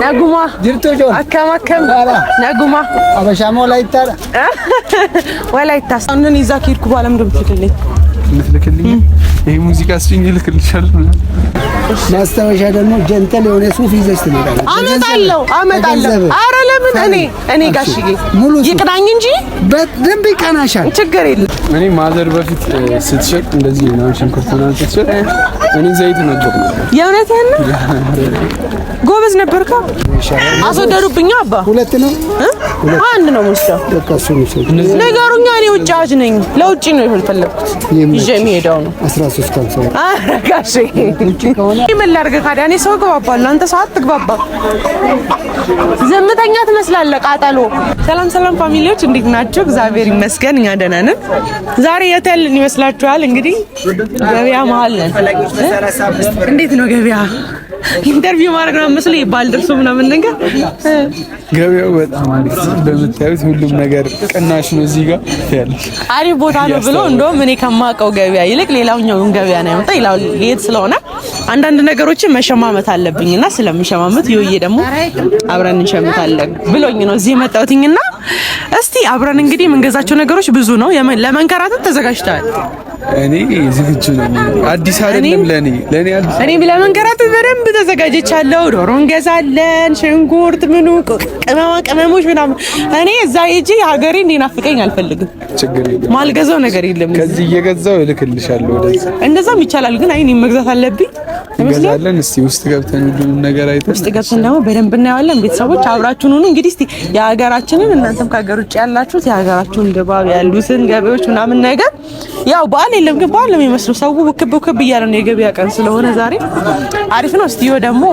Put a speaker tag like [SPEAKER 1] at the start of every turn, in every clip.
[SPEAKER 1] Naguma. Jirtuu joon. Akkam akkam. Naguma.
[SPEAKER 2] Abashaam Walaayitaadha.
[SPEAKER 1] Walaayittaas. Annen እዛ ከሄድኩ በኋላ ምንድን ነው የምትልክልኝ?
[SPEAKER 3] የምትልክልኝ ይሄ ሙዚቃ ስኝ እልክልሻለሁ
[SPEAKER 2] ማስታወሻ ደግሞ ጀንተል የሆነ ሱፍ ይዘሽ ትመጣለሽ።
[SPEAKER 1] አመጣለሁ አመጣለሁ። ለምን እኔ እኔ ጋሽዬ ይቅናኝ እንጂ
[SPEAKER 2] በደንብ ይቀናሻል።
[SPEAKER 1] ችግር የለም።
[SPEAKER 3] እኔ ማዘር በፊት ስትሸጥ እንደዚህ ስትሸጥ፣ እኔ ዘይት
[SPEAKER 1] ጎበዝ ነበርካ። አስወደዱብኛ። አባ ሁለት ነው አንድ ነው የምወስደው። ነገሩኛ እኔ ውጭ አዋጅ ነኝ። ለውጭ ነው የፈለኩት ይዤ የሚሄደው ነው። ቀን ሰው አረጋሽ ምን ላድርግ ታዲያ? እኔ ሰው እግባባለሁ፣ አንተ ሰው አትግባባ። ዘምተኛ ትመስላለህ ቃጠሎ። ሰላም ሰላም ፋሚሊዎች፣ እንዴት ናቸው? እግዚአብሔር ይመስገን እኛ ደህና ነን። ዛሬ የት ያለን ይመስላችኋል? እንግዲህ ገበያ መሀል ነን። እንዴት ነው ገበያ? ኢንተርቪው ማድረግ ነው ምስል ባልደርሱ ምናምን ነገር
[SPEAKER 3] ገበያው በጣም አሪፍ እንደምታዩት ሁሉም ነገር ቅናሽ ነው። እዚህ ጋር
[SPEAKER 1] አሪፍ ቦታ ነው ብሎ እንደውም እኔ ከማውቀው ገበያ ይልቅ ሌላኛውን ገበያ ነው ያመጣ ይላል። ይሄት ስለሆነ አንዳንድ ነገሮችን መሸማመት አለብኝና ስለምሸማመት ይውዬ ደግሞ አብረን እንሸምታለን ብሎኝ ነው እዚህ የመጣሁትኝና እስቲ አብረን እንግዲህ የምንገዛቸው ነገሮች ብዙ ነው። ለመንከራተት ተዘጋጅተዋል።
[SPEAKER 3] እኔ ዝግጁ ነኝ። አዲስ አይደለም ለኔ ለኔ አዲስ
[SPEAKER 1] እኔ ለመንከራት በደንብ ተዘጋጀቻለሁ። ዶሮ እንገዛለን፣ ሽንኩርት፣ ምኑ ቅመማ ቅመሞች ምናምን። እኔ እዛ ሂጂ ሀገሬ እንዲናፍቀኝ አልፈልግም። ችግር የለም ማልገዛው ነገር የለም።
[SPEAKER 2] ከዚህ እየገዛው እልክልሻለሁ ወደዚህ።
[SPEAKER 1] እንደዛም ይቻላል፣ ግን አይ እኔም መግዛት አለብኝ።
[SPEAKER 3] እንገዛለን። እስቲ ውስጥ ገብተን ሁሉንም ነገር አይተን
[SPEAKER 1] ውስጥ ገብተን ደግሞ በደንብ እናየዋለን። ቤተሰቦች አብራችሁን ሁኑ። እንግዲህ እስቲ የሀገራችንን እናንተም ከሀገር ውጭ ያላችሁት የሀገራችሁን ድባብ ያሉትን ገበያዎች ምናምን ነገር ያው በዓል በዓል የለም ግን በዓል ነው የሚመስለው። ሰው ውክብ ውክብ እያለ ነው። የገበያ ቀን ስለሆነ ዛሬ አሪፍ ነው። ስቲዮ ደግሞ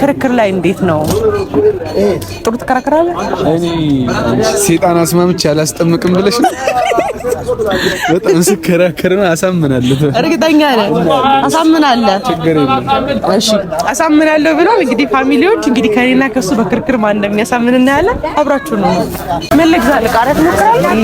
[SPEAKER 1] ክርክር ላይ እንዴት ነው? ጥሩ ትከራከራለህ?
[SPEAKER 3] እኔ ሴጣን አስማምቼ አላስጠምቅም ብለሽ ነው በጣም ስከራከር ነው። አሳምናለሁ፣
[SPEAKER 1] እርግጠኛ ነኝ አሳምናለሁ።
[SPEAKER 3] ችግር የለም
[SPEAKER 1] እሺ፣ አሳምናለሁ ብለው እንግዲህ ፋሚሊዎች እንግዲህ ከኔና ከሱ በክርክር ማን እንደሚያሳምን እናያለን። አብራችሁ ነው መልግዛ ለቃረት ሞክራለሁ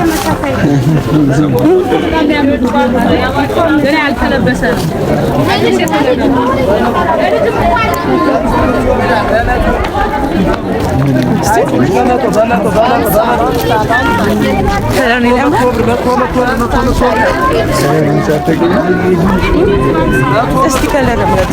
[SPEAKER 1] እስቲ ከለር ምረጥ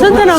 [SPEAKER 1] ስንት ነው?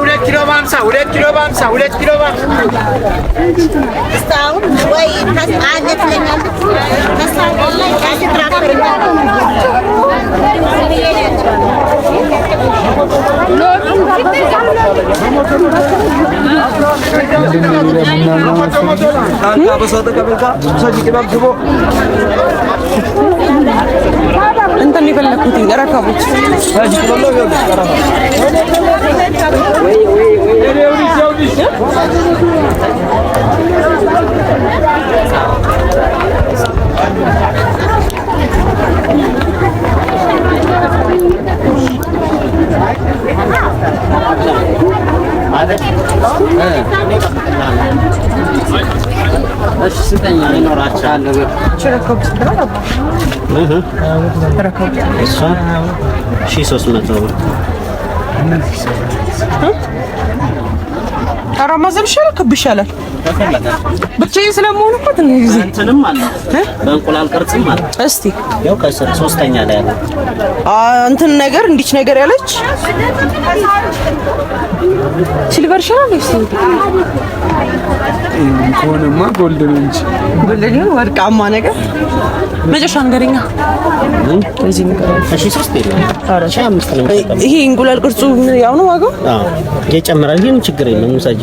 [SPEAKER 1] ሁለት ኪሎ በሀምሳ ሁለት ኪሎ በሀምሳ ሁለት ኪሎ በሀምሳ እስካሁን ወይ አነት ለኛል ተሳቆላ ያለ ትራፈር እንትን የፈለግኩት ረከቦች var. gerekiyor?
[SPEAKER 4] ሺህ ሶስት መቶ ብር
[SPEAKER 1] ኧረ ማዘብሽ አልክብሽ ይሻላል። ብቻዬን ስለመሆን እኮ ትንሽ ጊዜ እንትንም አለ
[SPEAKER 4] በእንቁላል ቅርጽም አለ። እስቲ ያው ከስር ሶስተኛ ላይ አለ
[SPEAKER 1] እንትን ነገር እንዲች ነገር ያለች ሲልቨር ሻል ነው።
[SPEAKER 3] ከሆነማ ጎልድ ነው እንጂ
[SPEAKER 1] ጎልድ ነው ወርቃማ ነገር መጨረሻ ነገርኛ
[SPEAKER 4] እዚህ ነገር እሺ፣ ሶስት የለም ኧረ ሺህ
[SPEAKER 1] አምስት ነው። ይሄ እንቁላል ቅርጹ ያው ነው ዋጋው። አዎ
[SPEAKER 4] የጨምራል፣ ግን ችግር የለም ሙሳጂ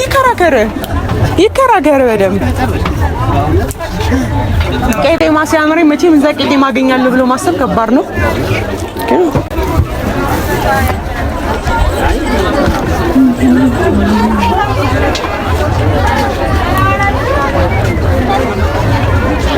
[SPEAKER 1] ይከራከር ይከራከር በደምብ ቄጤማ ሲያምረኝ መቼም እዛ ቄጤማ አገኛለሁ ብሎ ማሰብ ከባድ ነው። ግን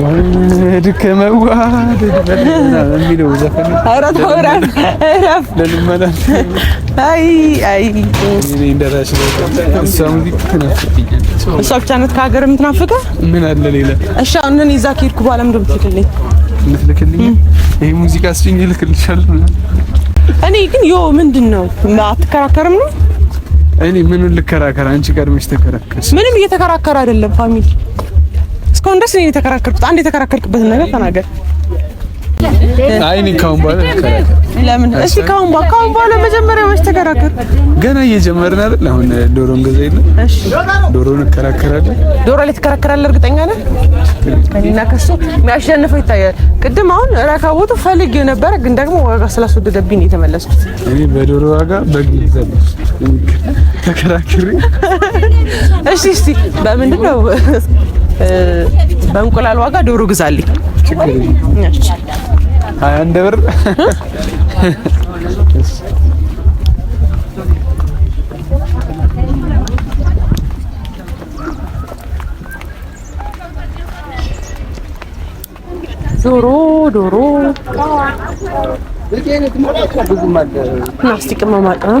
[SPEAKER 1] መዋደድ ከመዋደድ የሚለው ዘፈን እሷ ብቻ ናት ከሀገር የምትናፍቀ። ምን አለ ሌላ? እሺ አሁን ይዛ ከሄድኩ በኋላ ምንድን የምትልክልኝ?
[SPEAKER 3] የምትልክልኝ ይሄ ሙዚቃ ስጭኝ እልክልሻለሁ።
[SPEAKER 1] እኔ ግን ዮ ምንድን ነው አትከራከርም ነው
[SPEAKER 3] እኔ ምኑን ልከራከር? አንቺ ቀድመሽ ተከራከርሽ።
[SPEAKER 1] ምንም እየተከራከረ አይደለም ፋሚሊ እስካሁን ድረስ እኔ የተከራከርኩት አንድ የተከራከርክበትን ነገር ተናገር።
[SPEAKER 3] አይ እኔ ካሁን በኋላ
[SPEAKER 1] ለምን? እሺ ካሁን በኋላ ካሁን በኋላ መጀመሪያ መች ተከራከር።
[SPEAKER 3] ገና እየጀመርን አይደል? አሁን ዶሮን እንገዛ የለ? እሺ ዶሮ እንከራከራለን።
[SPEAKER 1] ዶሮ ላይ ትከራከራለህ? እርግጠኛ ነህ? እኔና ከሱ የሚያሸንፈው ይታያል። ቅድም አሁን ረካቦቱ ፈልግ የነበረ ግን ደግሞ ዋጋ ስላስወደደብኝ ነው የተመለስኩት።
[SPEAKER 3] እኔ በዶሮ ዋጋ በግ ይዘለ ተከራክሪ።
[SPEAKER 1] እሺ እሺ በምንድን ነው በእንቁላል ዋጋ ዶሮ ግዛልኝ። ሀያ አንድ ብር ዶሮ ዶሮ ፕላስቲክ መማቅ ነው።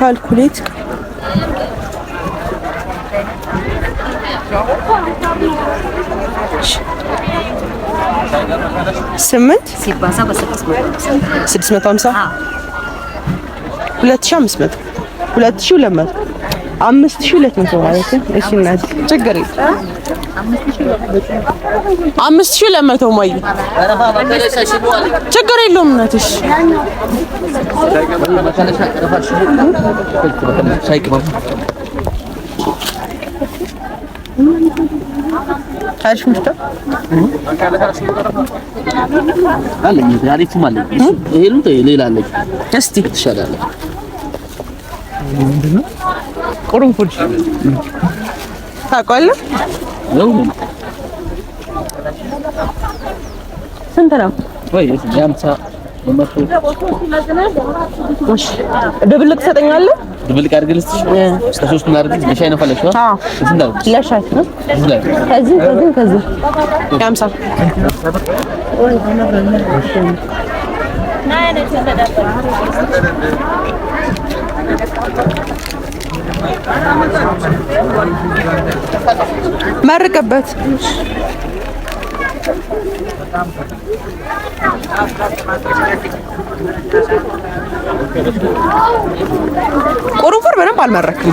[SPEAKER 1] ካልኩሌት ስምንት ሲባዛ በስድስት መቶ ሀምሳ ሁለት ሺ አምስት መቶ ሁለት ሺ ሁለት መቶ አምስት ሺህ ሁለት መቶ ማለት ነው። እሺ እናት ችግር የለም። አምስት ሺህ ሁለት መቶ ሞይ ችግር የለውም እናት። እሺ
[SPEAKER 4] ሌላ አለኝ። እስቲ ትሻላለች
[SPEAKER 1] ምንድን ነው ቁርንፉድ ታውቀዋለህ? ስንት ነው? ድብልቅ ትሰጠኛለህ?
[SPEAKER 4] ድብልቅ አድርገህ ልስጥሽ። እስከ ለሻይ ነው ፈለግሽው? አዎ
[SPEAKER 1] ለሻይ ከዚህ ከዚህ ከዚህ የሀምሳ መርቅበት ቁርንፉር በደንብ አልመረክም።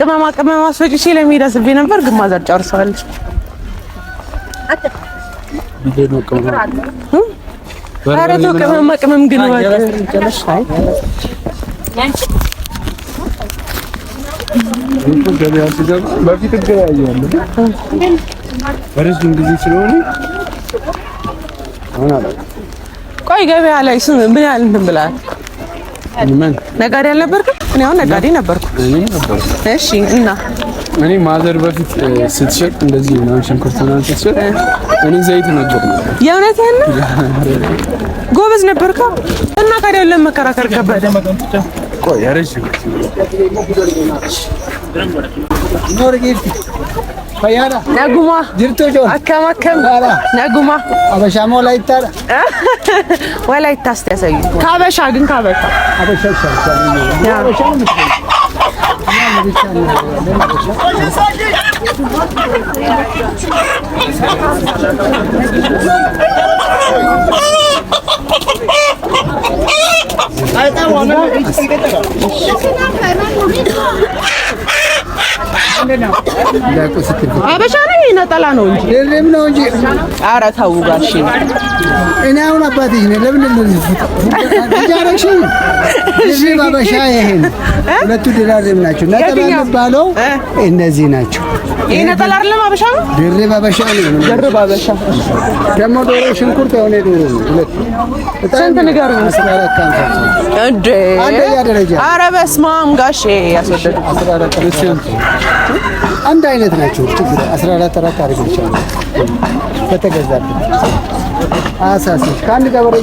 [SPEAKER 1] ቅመማ ቅመማ አስፈጭቼ ሲል አስቤ ነበር፣ ግን ማዘር ጨርሰዋለች። ቅመማ ቅመም ግን
[SPEAKER 3] በፊት ጊዜ ስለሆነ
[SPEAKER 1] ቆይ ገበያ ላይ ምን ያህል እንትን ነጋዴ አልነበርክም? እኔ አሁን ነጋዴ ነበርኩ።
[SPEAKER 3] እኔ ነበርኩ። እሺ። እና እኔ ማዘር በፊት ስትሸጥ እንደዚህ ነው ሽንኩርት ምናምን ስትሸጥ እኔ ዘይት ነበር።
[SPEAKER 1] የእውነትህን ነው? ጎበዝ ነበርካ። እና ታዲያ ለም መከራከር ከበደ። ቆይ Fayara. Naguma. Dirtujon. Akam akam. Fayara. Naguma.
[SPEAKER 2] Abashama walaitara.
[SPEAKER 1] Walaitas tesa yi. Kabe shagin kabe ka. Abasha shagin. Ya abasha mı? Ay tamam. Ay tamam. አበሻ ነው ነጠላ ነው እንጂ ድርም ነው እንጂ። ኧረ ተው ጋሼ፣
[SPEAKER 2] እኔ አሁን አባትሽ ነኝ። ለምን እንደዚህ ድርም አበሻ ይሄን ሁለቱ ድራርም ናቸው። ነጠላ የሚባለው እነዚህ ናቸው።
[SPEAKER 1] ይሄ ነጠላ አይደለም፣ አበሻ ነው።
[SPEAKER 2] ድርም አበሻ ነው። ድርም አበሻ ደግሞ ዶሮ ሽንኩርት የሆነ ዶሮ ነው። ሁለቱ
[SPEAKER 1] ስንት ንገሩኝ። ኧረ በስመ አብ ጋሼ ያስወደድኩት
[SPEAKER 2] ናቸው። አንድ አይነት ናቸው። ችግር 14 አራት አድርግ ይቻላል። በተገዛብን አሳሲ ከአንድ ገበሬ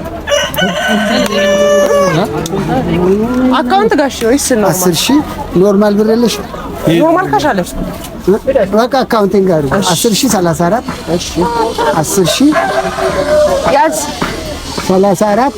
[SPEAKER 1] አካውንት ጋሽ ወይስ ነው?
[SPEAKER 2] አስር ሺህ ኖርማል ብር የለሽ?
[SPEAKER 1] ኖርማል ካሽ አለሽ?
[SPEAKER 2] በቃ አካውንቴን ጋር አስር ሺህ ሰላሳ እሺ፣ አስር ሺህ ያዝ ሰላሳ አራት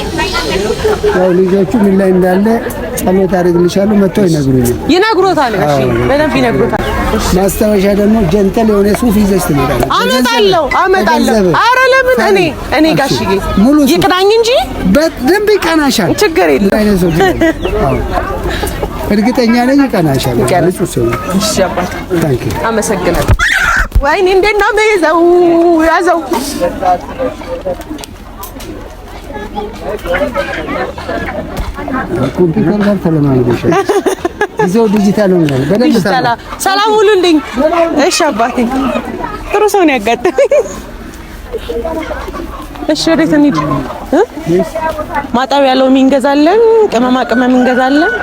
[SPEAKER 2] ያው ልጆቹ ምን ላይ እንዳለ ጸሎት አደርግልሻለሁ መጥተው ይነግሩኛል።
[SPEAKER 1] ይነግሮታል። እሺ፣ በደንብ ይነግሮታል።
[SPEAKER 2] ማስታወሻ ደግሞ ጀንተል የሆነ ሱፍ ይዘሽ ትመጣለሽ።
[SPEAKER 1] አመጣለሁ፣ አመጣለሁ። አረ ለምን እኔ እኔ ጋሽዬ ሙሉ ይቅናኝ እንጂ
[SPEAKER 2] በደንብ ይቀናሻል።
[SPEAKER 1] ችግር የለም።
[SPEAKER 2] እርግጠኛ ነኝ ይቀናሻል። ሰው እሺ፣ ታንኪ
[SPEAKER 1] አመሰግናለሁ። ወይኔ እንዴት ነው የያዘው ያዘው
[SPEAKER 2] ኮምፒውተር ጋር ተለማምደሻል። ይዘው ዲጂታል ሆኗል። በደንብ
[SPEAKER 1] ሰላም ሁሉልኝ። እሺ አባቴ ጥሩ ሰው ነው ያጋጠመኝ። እሺ ወዴት እንሂድ? ማጠቢያ ሎሚ እንገዛለን፣ ቅመማ ቅመም እንገዛለን።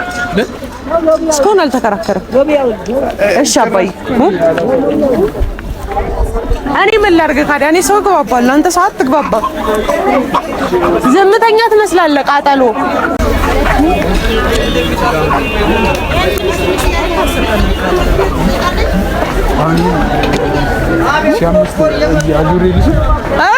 [SPEAKER 1] እስካሁን አልተከራከረም። እሺ አባዬ እኔ ምን ላድርግ ታዲያ? እኔ ሰው እግባባለሁ፣ አንተ ሰው አትግባባ። ዝምተኛ ትመስላለህ ቃጠሎ። አይ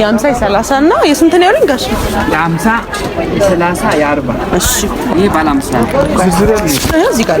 [SPEAKER 1] የአምሳ የሰላሳ እና የስንት ነው ያሉኝ? ጋሽ
[SPEAKER 4] የአምሳ የሰላሳ የአርባ እሺ። ይህ ባለ አምሳ ነው እዚህ ጋር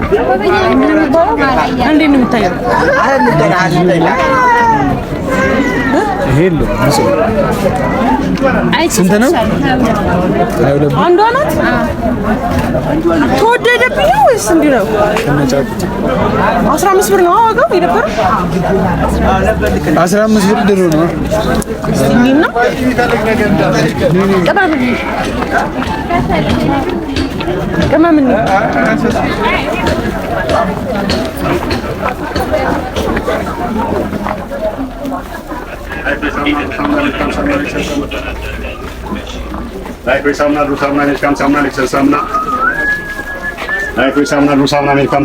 [SPEAKER 1] እንዴት ነው የሚታየው? ስንት ነው? አንዷ ናት። ተወደደብኝ ወይስ እንዲህ ነው? አስራ አምስት ብር ነው ዋጋው የነበረው።
[SPEAKER 3] አስራ አምስት ብር ድሮ ነው?
[SPEAKER 1] ቅመም ሳሙና ዱር ሳሙና ሜልካም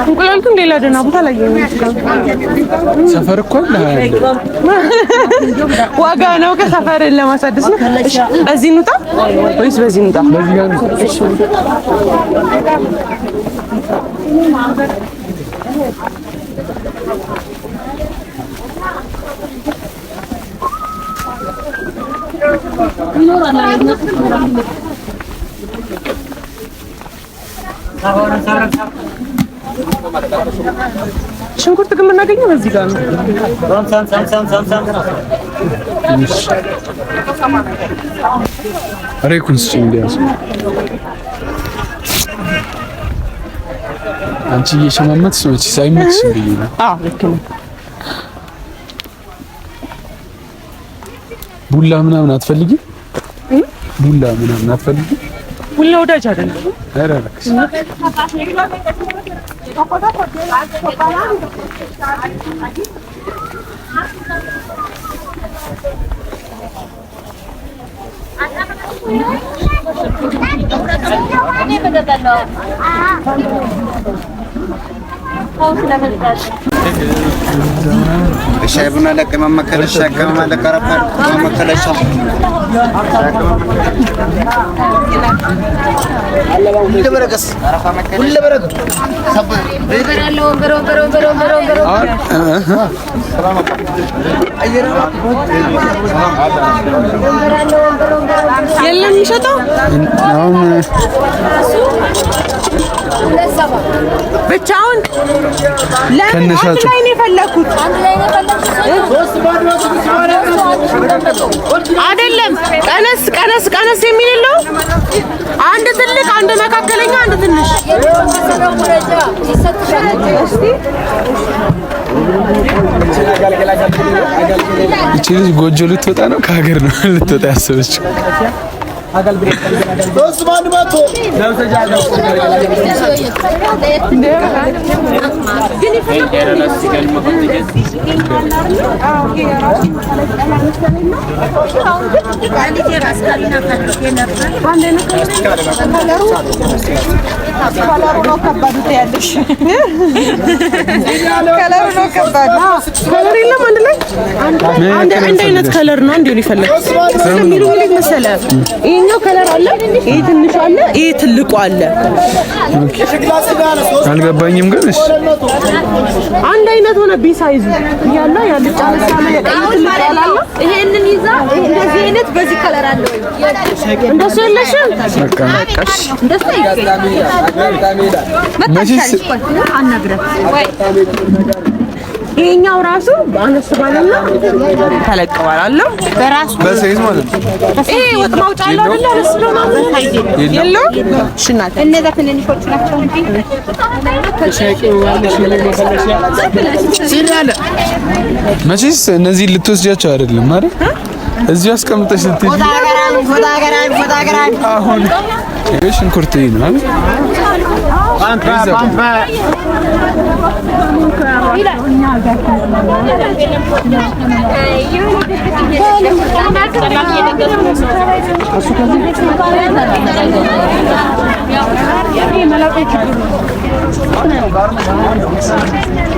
[SPEAKER 1] እንቁላልቱን ሌላ ደህና ቦታ ላይ ሰፈር እኮ ዋጋ ነው። ከሰፈር ለማሳደስ ነው። በዚህ እንውጣ ወይስ በዚህ እንውጣ? ሽንኩርት ግን የምናገኘው በዚህ ጋር ነው።
[SPEAKER 3] ሬኩን ስጪኝ እንዲያዝ አንቺ እየሸማመት ሰዎች ሳይመክስ ብዬ ነው። አዎ ልክ ነው። ቡላ ምናምን አትፈልጊም? ቡላ ምናምን አትፈልግም?
[SPEAKER 1] ቡላ ወዳጅ አይደለም። ኧረ እባክሽ አዎ
[SPEAKER 4] ሻይ ቡና፣ ለቅመም መከለሻ፣ ቅመማ ለቀረፋ መከለሻ የለም
[SPEAKER 1] የሚሸጠው ብቻውን ለምን አንድ ላይ ነው የፈለኩት? አይደለም ቀነስ ቀነስ ቀነስ የሚልለው አንድ ትልቅ፣ አንድ መካከለኛ፣ አንድ ትንሽ
[SPEAKER 3] ይቺ ልጅ ጎጆ ልትወጣ ነው። ከሀገር ነው ልትወጣ ያሰበችው። አገልግሎት
[SPEAKER 1] ከለሩ ነው ከባዱ ያለሽ ከለሩ ነው ከባዱ። ከለር የለም አንድ ላይ አንድ አይነት ከለር ነው እንዲሆን ይፈለጋል። ስለሚሉ ምን መሰለህ ይሄኛው ከለር አለ፣ ይሄ ትንሹ አለ፣ ይሄ ትልቁ አለ።
[SPEAKER 3] አልገባኝም ግን እሺ፣
[SPEAKER 1] አንድ አይነት ሆነብኝ ሳይዙ ያለ ያልጫ ለሳለ ይሄንን ይዛ እንደዚህ አይነት በዚህ ከለር አለ እንደሱ የለሽም በቃ በቃሽ እንደሱ ይሄኛው ራሱ አነስ ባለና ተለቀዋል አለ በራሱ
[SPEAKER 3] በሰይዝ ማለት ነው። ይሄ ወጥ ማውጫ አለ
[SPEAKER 1] አይደል? አነስ ብሎ ነው የለው። እሺ እነዛ ትንንሾቹ ናቸው
[SPEAKER 3] መቼስ እነዚህ ልትወስጃቸው አይደለም አይደል? እዚህ አስቀምጠሽ ልትይ
[SPEAKER 1] ፎጣ ገራሚ ፎጣ ገራሚ ፎጣ ገራሚ አሁን
[SPEAKER 3] ሽንኩርት ነው አይደል? አንተ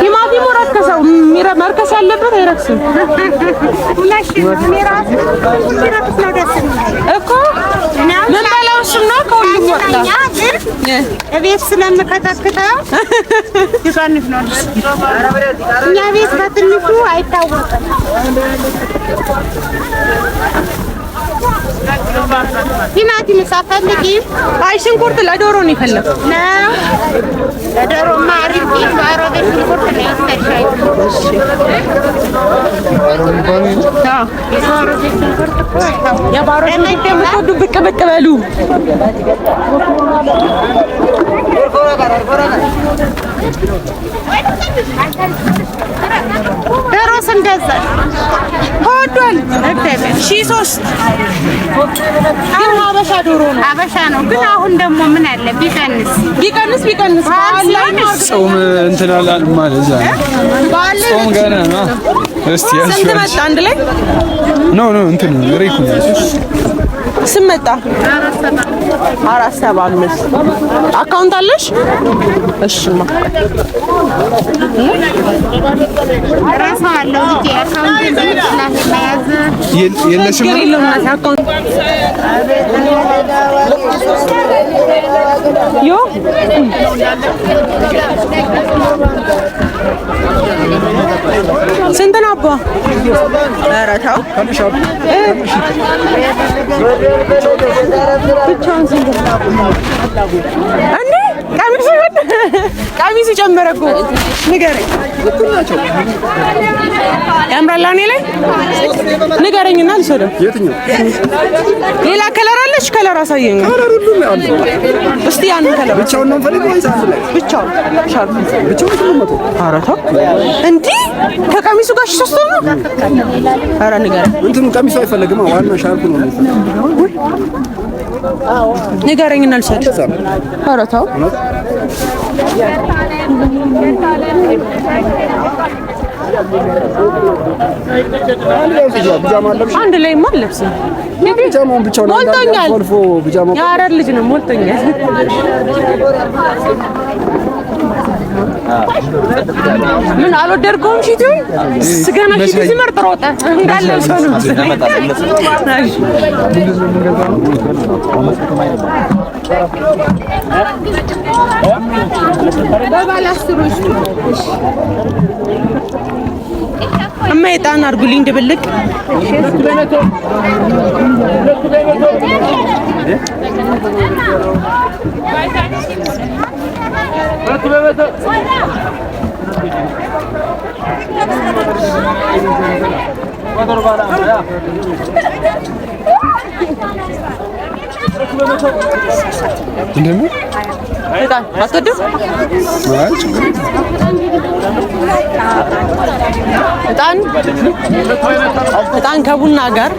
[SPEAKER 1] ቲማቲሙ ረከሰው መርከስ ያለበት አይረክስም እኮ ምን በለው እሱን ከሁሉም ወጣ እቤት ስለምከተክተው ትንሽ ነው እኛ ቤት በትንሹ አይታወቅም ቲማቲም ሳትፈልጊ አይ ሽንኩርት ለዶሮ ነው የፈለኩት ነው በዶሮማ አሪፍ በአሮጌ ሽንኩርት ነው ብቅ ብቅ በሉ እንደዛ ወዷል። ሺህ ሦስት ግን አበሻ ዶሮ ነው፣ አበሻ ነው። ግን አሁን ደግሞ ምን አለ ቢቀንስ ቢቀንስ ቢቀንስ
[SPEAKER 3] ጾም እንትን አላል ማለት ጾም ገና ነው። እስቲ
[SPEAKER 1] ስንት መጣ አንድ ላይ
[SPEAKER 3] ኖ ኖ እንትን ሬኩ ነው
[SPEAKER 1] ስም መጣ አራት ሰባ አምስት አካውንት አለሽ? እሺማ
[SPEAKER 3] የለሽም። ዮ
[SPEAKER 1] አባ ኧረ ተው ብቻውን ቀሚሱ ጨመረ እኮ ንገረኝ። ያምራል። እኔ ላይ ንገረኝና አልሰደም። የትኛው ሌላ ከለር አለች? ከለር አሳየኝ። ከለር ሁሉ ነው እስቲ ያንን ከለር
[SPEAKER 4] ብቻውን ነው ፈልግ ወይስ
[SPEAKER 1] ላይ ብቻውን? ሻርፕ ብቻውን ነው መቶ አራታ እንዴ ከቀሚሱ ጋር ሶስት ነው። ኧረ ንገረኝ።
[SPEAKER 4] እንትኑ ቀሚሱ አይፈለግም። ዋናው ሻርፕ ነው።
[SPEAKER 1] ንገረኝና ልሰጥህ። ኧረ ተው አንድ ላይ ማ ለብስ ብቻ ነው ሞልቶኛል። የሀረር ልጅ ነው ሞልቶኛል። ምን አልወደድከውም? ሽቱን ስጋና ሽቱ ሲመርጥ ሮጠ እንዳለ ሰው ነው። እማ የጣን አርጉልኝ ድብልቅ እንደምን አትወድም? እጣን እጣን ከቡና ጋር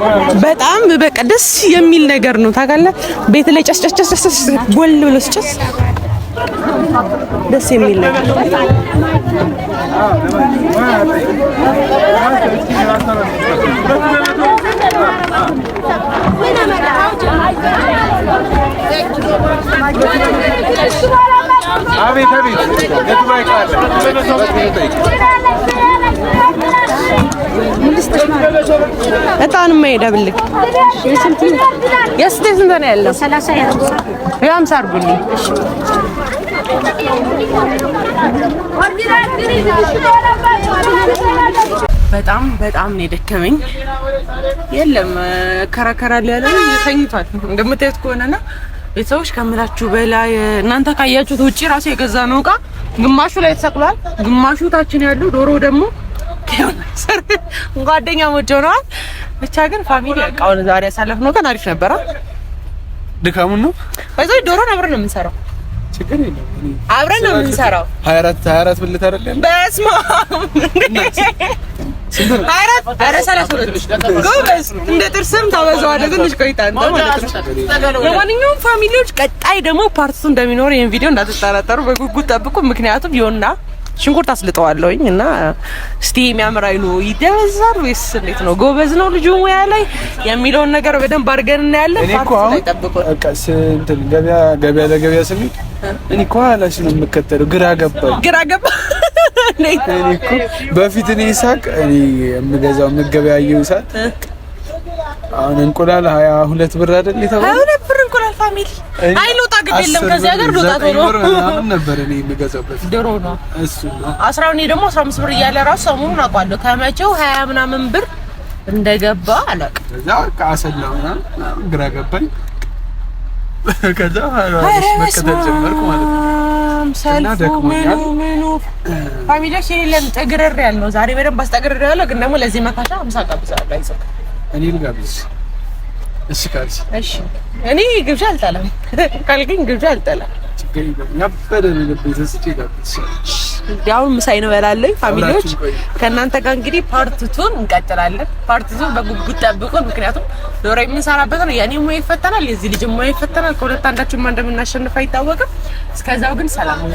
[SPEAKER 1] በጣም በቃ ደስ የሚል ነገር ነው። ታውቃለህ ቤት ላይ ጨስ ጨስ ጨስ ጨስ ጎል ብሎ ጨስ ደስ የሚል ነገር አቤት አቤት እጣን የማይደብልቅ የስንት ነው ያለው? የሀምሳ አድርጉልኝ። በጣም በጣም ነው የደከመኝ። የለም ከራከራ ያለ ተኝቷል እንደምታዩት ከሆነና ቤተሰቦች ከምላችሁ በላይ እናንተ ካያችሁት ውጭ ራሱ የገዛ ነው እቃ ግማሹ ላይ ተሰቅሏል፣ ግማሹ ታችን ያሉ ዶሮ ደግሞ ጓደኛሞች ሆነዋል። ብቻ ግን ፋሚሊ አሁን ዛሬ አሪፍ ነበረ። ድካሙን ነው ወይዘ ዶሮን አብረን ነው የምንሰራው። ችግር የለም አብረን ነው የምንሰራው። ብልት አይደለም። እንደ ጥርስም ታበዛዋለህ ትንሽ ቆይታ ለማንኛውም ፋሚሊዎች ቀጣይ ደግሞ ፓርቲቱ እንደሚኖር ይህን ቪዲዮ እንዳትጠራጠሩ በጉጉት ጠብቁ። ምክንያቱም ይሆንና ሽንኩርት አስልጠዋለሁኝ እና እስቲ የሚያምር አይኑ ይደበዛል ወይስ እንዴት ነው? ጎበዝ ነው ልጁ ሙያ ላይ የሚለውን ነገር በደንብ አድርገን እናያለን።
[SPEAKER 3] እኔ እኮ ገበያ ገበያ ለገበያ ስንሄድ እኔ እኮ ኋላሽ ነው የምከተለው። ግራ ገባ ግራ ገባ። እኔ እኮ በፊት እኔ ሳቅ እኔ የምገዛው የምገበያየው ሳት አሁን እንቁላል ሀያ ሁለት ብር አይደል
[SPEAKER 1] የተባለው ሁለት ብር እንቁላል ፋሚሊ አይሎ ትልቅ የለም ከዚህ ሀገር ልውጣት ሆኖ
[SPEAKER 3] ነበር እኔ የምገዛው
[SPEAKER 1] ድሮ ነው እሱ አስራ እኔ ደግሞ አስራ አምስት ብር እያለ ራሱ ሰሞኑን አውቃለሁ ከመቼው ሀያ ምናምን ብር እንደገባ አላውቅም።
[SPEAKER 3] ከዛ ከአሰላው ምናምን ግራ ገባኝ።
[SPEAKER 1] ዛሬ በደንብ አስጠግረር ግን ደግሞ ለዚህ መካሻ ሀምሳ ጋብዛለሁ። አይዞህ
[SPEAKER 3] እኔ ልጋብዝ እሺ ካልሽ እሺ።
[SPEAKER 1] እኔ ግብዣ አልጠላም ካልከኝ ግብዣ አልጠላም። አሁን ምሳይ ነው ፋሚሊዎች ከእናንተ ጋር እንግዲህ ፓርትቱን እንቀጥላለን። ፓርትቱን በጉጉት ጠብቁን። ምክንያቱም ኖሮ የምንሰራበት ነው። የእኔ ሙያ ይፈተናል፣ የዚህ ልጅ ሙያ ይፈተናል። ከሁለት አንዳችን ማን እንደምናሸንፍ አይታወቅም። እስከዛው ግን ሰላም